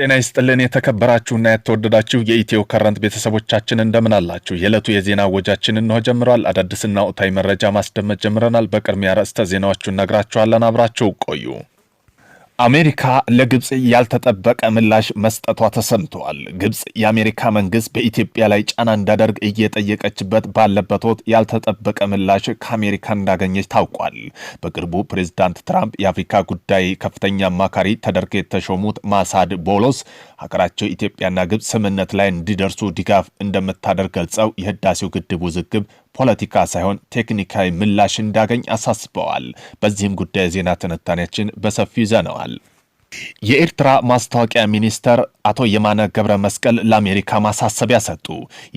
ጤና ይስጥልን የተከበራችሁና የተወደዳችሁ የኢትዮ ከረንት ቤተሰቦቻችን እንደምን አላችሁ? የዕለቱ የዜና ወጃችን እንሆ ጀምረዋል። አዳዲስና ወቅታዊ መረጃ ማስደመጥ ጀምረናል። በቅድሚያ ርዕሰ ዜናዎቹን ነግራችኋለን። አብራችሁ ቆዩ። አሜሪካ ለግብፅ ያልተጠበቀ ምላሽ መስጠቷ ተሰምተዋል። ግብፅ የአሜሪካ መንግስት በኢትዮጵያ ላይ ጫና እንዳደርግ እየጠየቀችበት ባለበት ወቅት ያልተጠበቀ ምላሽ ከአሜሪካ እንዳገኘች ታውቋል። በቅርቡ ፕሬዚዳንት ትራምፕ የአፍሪካ ጉዳይ ከፍተኛ አማካሪ ተደርገው የተሾሙት ማሳድ ቦሎስ ሀገራቸው ኢትዮጵያና ግብፅ ስምምነት ላይ እንዲደርሱ ድጋፍ እንደምታደርግ ገልጸው የህዳሴው ግድብ ውዝግብ ፖለቲካ ሳይሆን ቴክኒካዊ ምላሽ እንዳገኝ አሳስበዋል። በዚህም ጉዳይ ዜና ትንታኔያችን በሰፊው ይዘነዋል። የኤርትራ ማስታወቂያ ሚኒስተር አቶ የማነ ገብረ መስቀል ለአሜሪካ ማሳሰቢያ ሰጡ።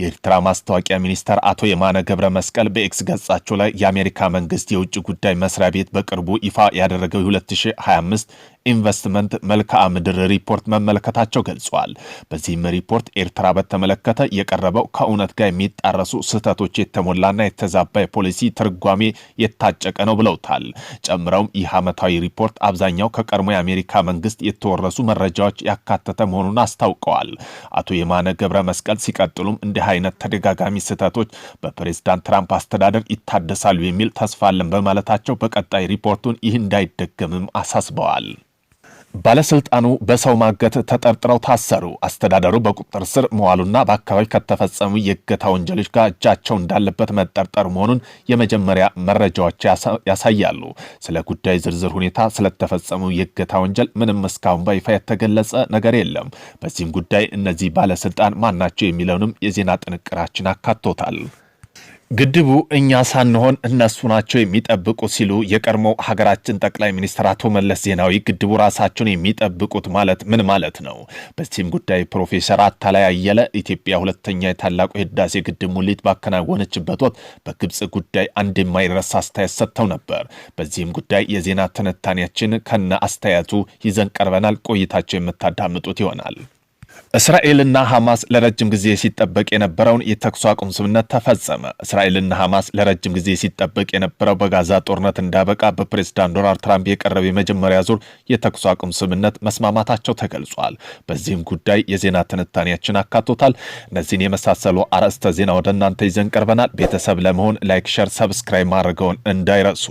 የኤርትራ ማስታወቂያ ሚኒስተር አቶ የማነ ገብረ መስቀል በኤክስ ገጻቸው ላይ የአሜሪካ መንግስት የውጭ ጉዳይ መስሪያ ቤት በቅርቡ ይፋ ያደረገው የ2025 ኢንቨስትመንት መልክዓ ምድር ሪፖርት መመለከታቸው ገልጿል። በዚህም ሪፖርት ኤርትራ በተመለከተ የቀረበው ከእውነት ጋር የሚጣረሱ ስህተቶች የተሞላና የተዛባ የፖሊሲ ትርጓሜ የታጨቀ ነው ብለውታል። ጨምረውም ይህ ዓመታዊ ሪፖርት አብዛኛው ከቀድሞ የአሜሪካ መንግስት የተወረሱ መረጃዎች ያካተተ መሆኑን አስታውቀዋል። አቶ የማነ ገብረ መስቀል ሲቀጥሉም እንዲህ አይነት ተደጋጋሚ ስህተቶች በፕሬዝዳንት ትራምፕ አስተዳደር ይታደሳሉ የሚል ተስፋ አለን በማለታቸው በቀጣይ ሪፖርቱን ይህ እንዳይደገምም አሳስበዋል። ባለስልጣኑ በሰው ማገት ተጠርጥረው ታሰሩ። አስተዳደሩ በቁጥጥር ስር መዋሉና በአካባቢ ከተፈጸሙ የእገታ ወንጀሎች ጋር እጃቸው እንዳለበት መጠርጠር መሆኑን የመጀመሪያ መረጃዎች ያሳያሉ። ስለ ጉዳይ ዝርዝር ሁኔታ ስለተፈጸሙ የእገታ ወንጀል ምንም እስካሁን በይፋ የተገለጸ ነገር የለም። በዚህም ጉዳይ እነዚህ ባለስልጣን ማናቸው የሚለውንም የዜና ጥንቅራችን አካቶታል። ግድቡ እኛ ሳንሆን እነሱ ናቸው የሚጠብቁ ሲሉ የቀድሞ ሀገራችን ጠቅላይ ሚኒስትር አቶ መለስ ዜናዊ ግድቡ ራሳቸውን የሚጠብቁት ማለት ምን ማለት ነው? በዚህም ጉዳይ ፕሮፌሰር አታላይ አየለ ኢትዮጵያ ሁለተኛ የታላቁ የህዳሴ ግድብ ሙሌት ባከናወነችበት ወቅት በግብፅ ጉዳይ አንድ የማይረሳ አስተያየት ሰጥተው ነበር። በዚህም ጉዳይ የዜና ትንታኔያችን ከነ አስተያየቱ ይዘን ቀርበናል። ቆይታቸው የምታዳምጡት ይሆናል። እስራኤልና ሐማስ ለረጅም ጊዜ ሲጠበቅ የነበረውን የተኩስ አቁም ስምነት ተፈጸመ። እስራኤልና ሐማስ ለረጅም ጊዜ ሲጠበቅ የነበረው በጋዛ ጦርነት እንዳበቃ በፕሬዝዳንት ዶናልድ ትራምፕ የቀረበ የመጀመሪያ ዙር የተኩስ አቁም ስምነት መስማማታቸው ተገልጿል። በዚህም ጉዳይ የዜና ትንታኔያችን አካቶታል። እነዚህን የመሳሰሉ አርዕስተ ዜና ወደ እናንተ ይዘን ቀርበናል። ቤተሰብ ለመሆን ላይክ፣ ሸር፣ ሰብስክራይብ ማድረገውን እንዳይረሱ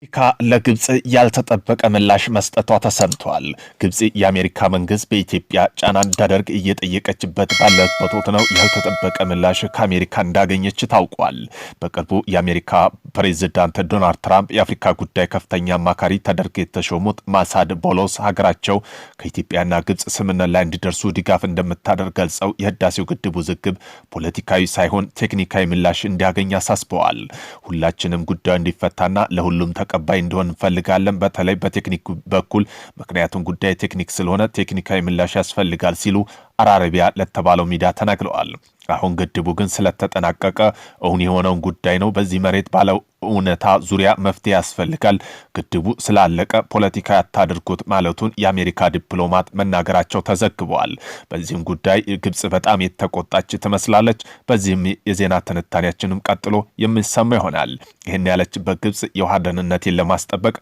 አሜሪካ ለግብፅ ያልተጠበቀ ምላሽ መስጠቷ ተሰምቷል። ግብፅ የአሜሪካ መንግስት በኢትዮጵያ ጫና እንዳደርግ እየጠየቀችበት ባለበት ወቅት ነው ያልተጠበቀ ምላሽ ከአሜሪካ እንዳገኘች ታውቋል። በቅርቡ የአሜሪካ ፕሬዚዳንት ዶናልድ ትራምፕ የአፍሪካ ጉዳይ ከፍተኛ አማካሪ ተደርገው የተሾሙት ማሳድ ቦሎስ ሀገራቸው ከኢትዮጵያና ግብፅ ስምምነት ላይ እንዲደርሱ ድጋፍ እንደምታደርግ ገልጸው የህዳሴው ግድብ ውዝግብ ፖለቲካዊ ሳይሆን ቴክኒካዊ ምላሽ እንዲያገኝ አሳስበዋል። ሁላችንም ጉዳዩ እንዲፈታና ለሁሉም ተቀባይ እንዲሆን እንፈልጋለን፣ በተለይ በቴክኒክ በኩል ምክንያቱም ጉዳይ ቴክኒክ ስለሆነ ቴክኒካዊ ምላሽ ያስፈልጋል ሲሉ አራረቢያ ለተባለው ሚዲያ ተናግረዋል። አሁን ግድቡ ግን ስለተጠናቀቀ እውን የሆነውን ጉዳይ ነው። በዚህ መሬት ባለ እውነታ ዙሪያ መፍትሄ ያስፈልጋል። ግድቡ ስላለቀ ፖለቲካ ያታድርጉት ማለቱን የአሜሪካ ዲፕሎማት መናገራቸው ተዘግበዋል። በዚህም ጉዳይ ግብጽ በጣም የተቆጣች ትመስላለች። በዚህም የዜና ትንታኔያችንም ቀጥሎ የሚሰማ ይሆናል። ይህን ያለችበት ግብጽ የውሃ ደህንነትን ለማስጠበቅ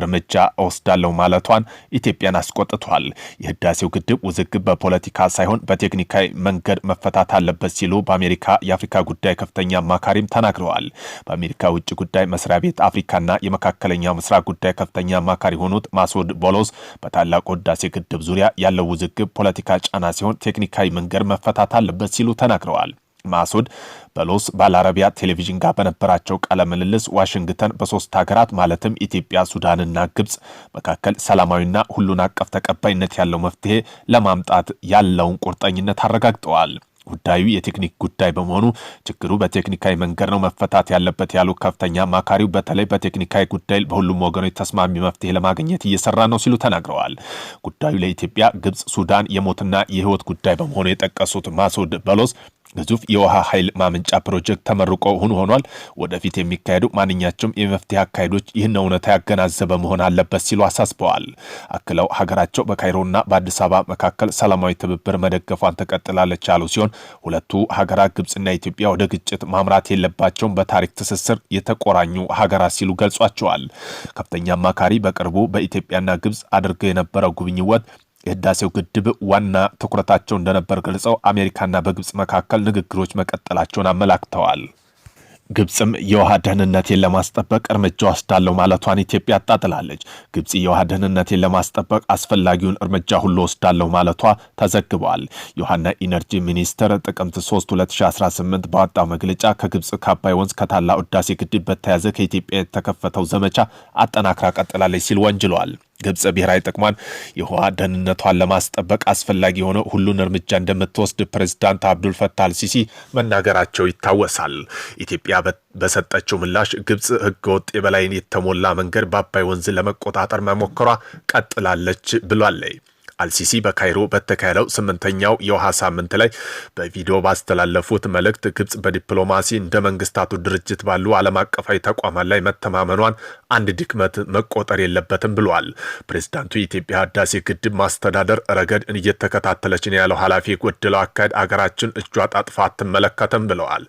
እርምጃ እወስዳለሁ ማለቷን ኢትዮጵያን አስቆጥቷል። የህዳሴው ግድብ ውዝግብ በፖለቲካ ሳይሆን በቴክኒካዊ መንገድ መፈታት አለበት ሲሉ በአሜሪካ የአፍሪካ ጉዳይ ከፍተኛ አማካሪም ተናግረዋል። በአሜሪካ ውጭ ጉዳይ መስሪያ ቤት አፍሪካና የመካከለኛው ምስራቅ ጉዳይ ከፍተኛ አማካሪ የሆኑት ማስወድ ቦሎስ በታላቁ ህዳሴ ግድብ ዙሪያ ያለው ውዝግብ ፖለቲካ ጫና ሲሆን ቴክኒካዊ መንገድ መፈታት አለበት ሲሉ ተናግረዋል። ማሱድ በሎስ ባልአረቢያ ቴሌቪዥን ጋር በነበራቸው ቃለ ምልልስ ዋሽንግተን በሶስት ሀገራት ማለትም ኢትዮጵያ፣ ሱዳንና ግብፅ መካከል ሰላማዊና ሁሉን አቀፍ ተቀባይነት ያለው መፍትሄ ለማምጣት ያለውን ቁርጠኝነት አረጋግጠዋል። ጉዳዩ የቴክኒክ ጉዳይ በመሆኑ ችግሩ በቴክኒካዊ መንገድ ነው መፈታት ያለበት ያሉ ከፍተኛ አማካሪው በተለይ በቴክኒካዊ ጉዳይ በሁሉም ወገኖች ተስማሚ መፍትሄ ለማግኘት እየሰራ ነው ሲሉ ተናግረዋል። ጉዳዩ ለኢትዮጵያ፣ ግብፅ፣ ሱዳን የሞትና የህይወት ጉዳይ በመሆኑ የጠቀሱት ማሱድ በሎስ ግዙፍ የውሃ ኃይል ማመንጫ ፕሮጀክት ተመርቆ ሁን ሆኗል። ወደፊት የሚካሄዱ ማንኛቸውም የመፍትሄ አካሄዶች ይህን እውነታ ያገናዘበ መሆን አለበት ሲሉ አሳስበዋል። አክለው ሀገራቸው በካይሮና በአዲስ አበባ መካከል ሰላማዊ ትብብር መደገፏን ተቀጥላለች ያሉ ሲሆን ሁለቱ ሀገራት ግብፅና ኢትዮጵያ ወደ ግጭት ማምራት የለባቸውም፣ በታሪክ ትስስር የተቆራኙ ሀገራት ሲሉ ገልጿቸዋል። ከፍተኛ አማካሪ በቅርቡ በኢትዮጵያና ግብፅ አድርገው የነበረው ጉብኝወት የህዳሴው ግድብ ዋና ትኩረታቸው እንደነበር ገልጸው አሜሪካና በግብፅ መካከል ንግግሮች መቀጠላቸውን አመላክተዋል። ግብፅም የውሃ ደህንነቴን ለማስጠበቅ እርምጃ ወስዳለሁ ማለቷን ኢትዮጵያ አጣጥላለች። ግብፅ የውሃ ደህንነቴን ለማስጠበቅ አስፈላጊውን እርምጃ ሁሉ ወስዳለሁ ማለቷ ተዘግበዋል። የውሃና ኢነርጂ ሚኒስቴር ጥቅምት 3 2018 ባወጣው መግለጫ ከግብፅ ከአባይ ወንዝ ከታላቁ ህዳሴ ግድብ በተያያዘ ከኢትዮጵያ የተከፈተው ዘመቻ አጠናክራ ቀጥላለች ሲል ወንጅሏል። ግብጽ ብሔራዊ ጥቅሟን የውሃ ደህንነቷን ለማስጠበቅ አስፈላጊ የሆነ ሁሉን እርምጃ እንደምትወስድ ፕሬዚዳንት አብዱል ፈታህ አልሲሲ መናገራቸው ይታወሳል። ኢትዮጵያ በሰጠችው ምላሽ ግብጽ ህገወጥ የበላይን የተሞላ መንገድ በአባይ ወንዝ ለመቆጣጠር መሞከሯ ቀጥላለች ብሏለይ አልሲሲ በካይሮ በተካሄደው ስምንተኛው የውሃ ሳምንት ላይ በቪዲዮ ባስተላለፉት መልእክት ግብጽ በዲፕሎማሲ እንደ መንግስታቱ ድርጅት ባሉ ዓለም አቀፋዊ ተቋማት ላይ መተማመኗን አንድ ድክመት መቆጠር የለበትም ብለዋል። ፕሬዚዳንቱ የኢትዮጵያ ህዳሴ ግድብ ማስተዳደር ረገድ እየተከታተለች ነው ያለው ኃላፊ የጎደለው አካሄድ አገራችን እጇ ጣጥፋ አትመለከትም ብለዋል።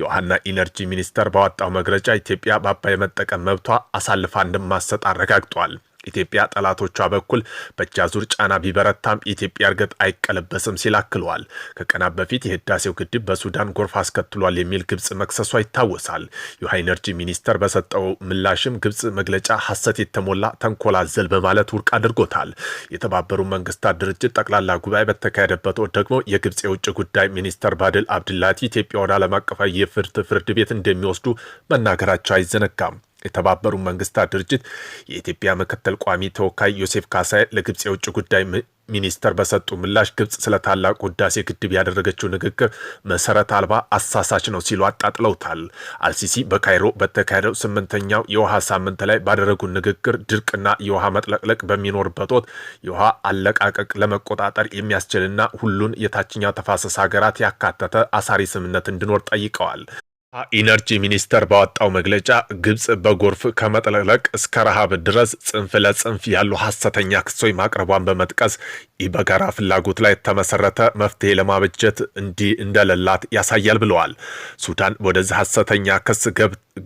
የውሃና ኢነርጂ ሚኒስቴር ባወጣው መግለጫ ኢትዮጵያ በአባይ የመጠቀም መብቷ አሳልፋ እንደማሰጥ አረጋግጧል። ኢትዮጵያ ጠላቶቿ በኩል በእጅ ዙር ጫና ቢበረታም ኢትዮጵያ እርገጥ አይቀለበስም ሲል አክለዋል። ከቀናት በፊት የህዳሴው ግድብ በሱዳን ጎርፍ አስከትሏል የሚል ግብጽ መክሰሷ ይታወሳል። የውሃ ኤነርጂ ሚኒስተር በሰጠው ምላሽም ግብጽ መግለጫ ሐሰት የተሞላ ተንኮላዘል በማለት ውድቅ አድርጎታል። የተባበሩ መንግስታት ድርጅት ጠቅላላ ጉባኤ በተካሄደበት ወቅት ደግሞ የግብጽ የውጭ ጉዳይ ሚኒስተር ባድል አብድላቲ ኢትዮጵያ ወደ ዓለም አቀፋዊ የፍርድ ፍርድ ቤት እንደሚወስዱ መናገራቸው አይዘነጋም። የተባበሩ መንግስታት ድርጅት የኢትዮጵያ ምክትል ቋሚ ተወካይ ዮሴፍ ካሳይ ለግብፅ የውጭ ጉዳይ ሚኒስተር በሰጡ ምላሽ ግብፅ ስለ ታላቁ ህዳሴ ግድብ ያደረገችው ንግግር መሰረት አልባ አሳሳች ነው ሲሉ አጣጥለውታል። አልሲሲ በካይሮ በተካሄደው ስምንተኛው የውሃ ሳምንት ላይ ባደረጉ ንግግር ድርቅና የውሃ መጥለቅለቅ በሚኖርበት ወቅት የውሃ አለቃቀቅ ለመቆጣጠር የሚያስችልና ሁሉን የታችኛው ተፋሰስ ሀገራት ያካተተ አሳሪ ስምምነት እንዲኖር ጠይቀዋል። ኢነርጂ ሚኒስቴር ባወጣው መግለጫ ግብፅ በጎርፍ ከመጥለቅለቅ እስከ ረሃብ ድረስ ጽንፍ ለጽንፍ ያሉ ሐሰተኛ ክሶች ማቅረቧን በመጥቀስ ይህ በጋራ ፍላጎት ላይ የተመሰረተ መፍትሄ ለማበጀት እንዲህ እንደሌላት ያሳያል ብለዋል። ሱዳን ወደዚህ ሐሰተኛ ክስ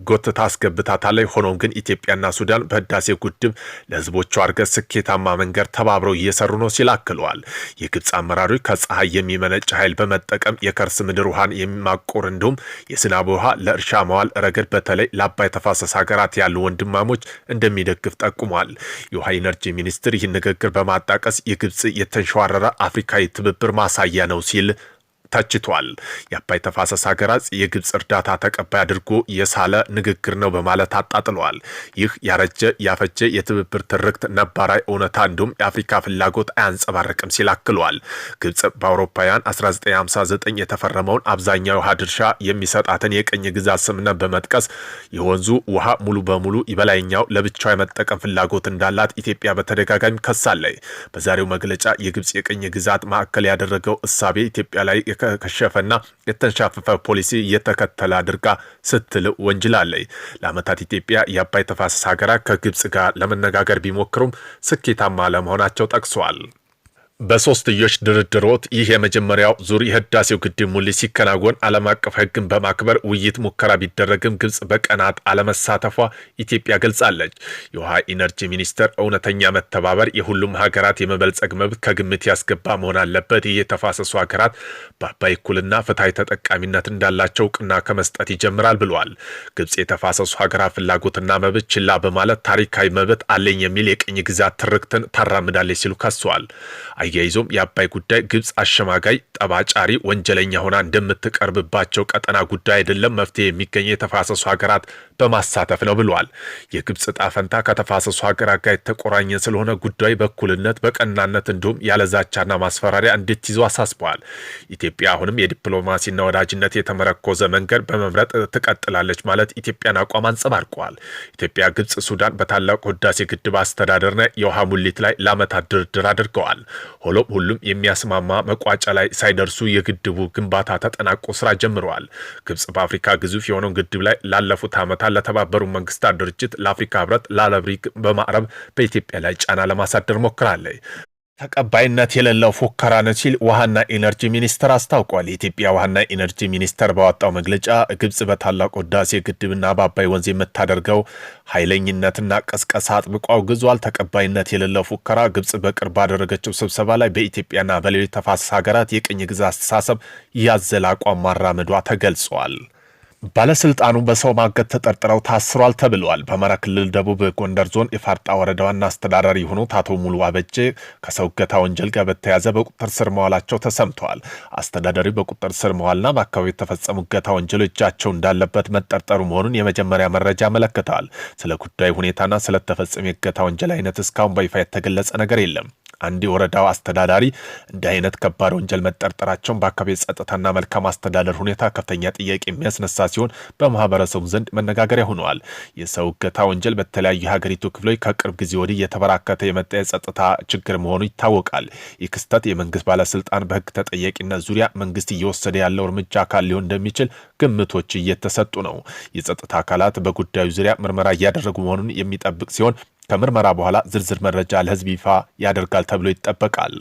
ጎትታ አስገብታታለች። ሆኖም ግን ኢትዮጵያና ሱዳን በህዳሴ ጉድብ ለህዝቦቹ እድገት ስኬታማ መንገድ ተባብረው እየሰሩ ነው ሲል አክለዋል። የግብፅ አመራሮች ከፀሐይ የሚመነጭ ኃይል በመጠቀም የከርስ ምድር ውሃን የሚማቆር እንዲሁም የስናቦ ውሃ ለእርሻ መዋል ረገድ በተለይ ለአባይ ተፋሰስ ሀገራት ያሉ ወንድማሞች እንደሚደግፍ ጠቁሟል። የውሃ ኢነርጂ ሚኒስትር ይህን ንግግር በማጣቀስ የግብፅ የተንሸዋረረ አፍሪካዊ ትብብር ማሳያ ነው ሲል ተችቷል። የአባይ ተፋሰስ ሀገራት የግብፅ እርዳታ ተቀባይ አድርጎ የሳለ ንግግር ነው በማለት አጣጥለዋል። ይህ ያረጀ ያፈጀ የትብብር ትርክት ነባራዊ እውነታ እንዲሁም የአፍሪካ ፍላጎት አያንጸባርቅም ሲል አክሏል። ግብፅ በአውሮፓውያን 1959 የተፈረመውን አብዛኛው ውሃ ድርሻ የሚሰጣትን የቅኝ ግዛት ስምነት በመጥቀስ የወንዙ ውሃ ሙሉ በሙሉ የበላይኛው ለብቻው የመጠቀም ፍላጎት እንዳላት ኢትዮጵያ በተደጋጋሚ ከሳለች። በዛሬው መግለጫ የግብፅ የቅኝ ግዛት ማዕከል ያደረገው እሳቤ ኢትዮጵያ ላይ የተከሸፈና የተንሻፈፈ ፖሊሲ እየተከተለ አድርጋ ስትል ወንጅላለች። ለዓመታት ኢትዮጵያ የአባይ ተፋሰስ ሀገራት ከግብፅ ጋር ለመነጋገር ቢሞክሩም ስኬታማ ለመሆናቸው ጠቅሰዋል። በሶስትዮሽ ድርድሮት ይህ የመጀመሪያው ዙር የህዳሴው ግድብ ሙሌት ሲከናወን ዓለም አቀፍ ህግን በማክበር ውይይት ሙከራ ቢደረግም ግብጽ በቀናት አለመሳተፏ ኢትዮጵያ ገልጻለች። የውሃ ኢነርጂ ሚኒስቴር እውነተኛ መተባበር የሁሉም ሀገራት የመበልጸግ መብት ከግምት ያስገባ መሆን አለበት፣ ይህ የተፋሰሱ ሀገራት በአባይ እኩልና ፍትሐዊ ተጠቃሚነት እንዳላቸው እውቅና ከመስጠት ይጀምራል ብለዋል። ግብጽ የተፋሰሱ ሀገራት ፍላጎትና መብት ችላ በማለት ታሪካዊ መብት አለኝ የሚል የቅኝ ግዛት ትርክትን ታራምዳለች ሲሉ ከሰዋል። አያይዞም የአባይ ጉዳይ ግብፅ አሸማጋይ፣ ጠባጫሪ፣ ወንጀለኛ ሆና እንደምትቀርብባቸው ቀጠና ጉዳይ አይደለም፣ መፍትሄ የሚገኘ የተፋሰሱ ሀገራት በማሳተፍ ነው ብለዋል። የግብፅ ዕጣ ፈንታ ከተፋሰሱ ሀገራት ጋር የተቆራኘ ስለሆነ ጉዳዩ በእኩልነት በቀናነት እንዲሁም ያለዛቻና ማስፈራሪያ እንድትይዞ አሳስበዋል። ኢትዮጵያ አሁንም የዲፕሎማሲና ወዳጅነት የተመረኮዘ መንገድ በመምረጥ ትቀጥላለች ማለት ኢትዮጵያን አቋም አንጸባርቀዋል። ኢትዮጵያ፣ ግብፅ፣ ሱዳን በታላቁ ህዳሴ ግድብ አስተዳደርና የውሃ ሙሊት ላይ ለዓመታት ድርድር አድርገዋል። ሆኖም ሁሉም የሚያስማማ መቋጫ ላይ ሳይደርሱ የግድቡ ግንባታ ተጠናቆ ስራ ጀምረዋል። ግብጽ በአፍሪካ ግዙፍ የሆነውን ግድብ ላይ ላለፉት ዓመታት ለተባበሩ መንግስታት ድርጅት፣ ለአፍሪካ ህብረት፣ ለአረብ ሊግ በማቅረብ በኢትዮጵያ ላይ ጫና ለማሳደር ሞክራለች። ተቀባይነት የሌለው ፉከራ ነው ሲል ውሃና ኢነርጂ ሚኒስቴር አስታውቋል። የኢትዮጵያ ውሃና ኢነርጂ ሚኒስቴር ባወጣው መግለጫ ግብፅ በታላቁ ህዳሴ ግድብና በአባይ ወንዝ የምታደርገው ኃይለኝነትና ቀስቀሳ አጥብቆ አውግዟል። ተቀባይነት የሌለው ፉከራ ግብፅ በቅርብ ባደረገችው ስብሰባ ላይ በኢትዮጵያና በሌሎች ተፋሰስ ሀገራት የቅኝ ግዛት አስተሳሰብ ያዘለ አቋም ማራመዷ ተገልጿል። ባለስልጣኑ በሰው ማገት ተጠርጥረው ታስሯል ተብለዋል። በአማራ ክልል ደቡብ ጎንደር ዞን የፋርጣ ወረዳ ዋና አስተዳዳሪ የሆኑት አቶ ሙሉ አበጄ ከሰው እገታ ወንጀል ጋር በተያያዘ በቁጥጥር ስር መዋላቸው ተሰምተዋል። አስተዳዳሪው በቁጥጥር ስር መዋልና በአካባቢ የተፈጸሙ እገታ ወንጀሎች እጃቸው እንዳለበት መጠርጠሩ መሆኑን የመጀመሪያ መረጃ ያመለክተዋል። ስለ ጉዳይ ሁኔታና ስለተፈጸመ የእገታ ወንጀል አይነት እስካሁን በይፋ የተገለጸ ነገር የለም። አንድ የወረዳው አስተዳዳሪ እንዲህ አይነት ከባድ ወንጀል መጠርጠራቸውን በአካባቢ ጸጥታና መልካም አስተዳደር ሁኔታ ከፍተኛ ጥያቄ የሚያስነሳ ሲሆን በማህበረሰቡ ዘንድ መነጋገሪያ ሆነዋል። የሰው እገታ ወንጀል በተለያዩ የሀገሪቱ ክፍሎች ከቅርብ ጊዜ ወዲህ የተበራከተ የመጣ የጸጥታ ችግር መሆኑ ይታወቃል። ይህ ክስተት የመንግስት ባለስልጣን በህግ ተጠያቂነት ዙሪያ መንግስት እየወሰደ ያለው እርምጃ አካል ሊሆን እንደሚችል ግምቶች እየተሰጡ ነው። የጸጥታ አካላት በጉዳዩ ዙሪያ ምርመራ እያደረጉ መሆኑን የሚጠብቅ ሲሆን ከምርመራ በኋላ ዝርዝር መረጃ ለህዝብ ይፋ ያደርጋል ተብሎ ይጠበቃል።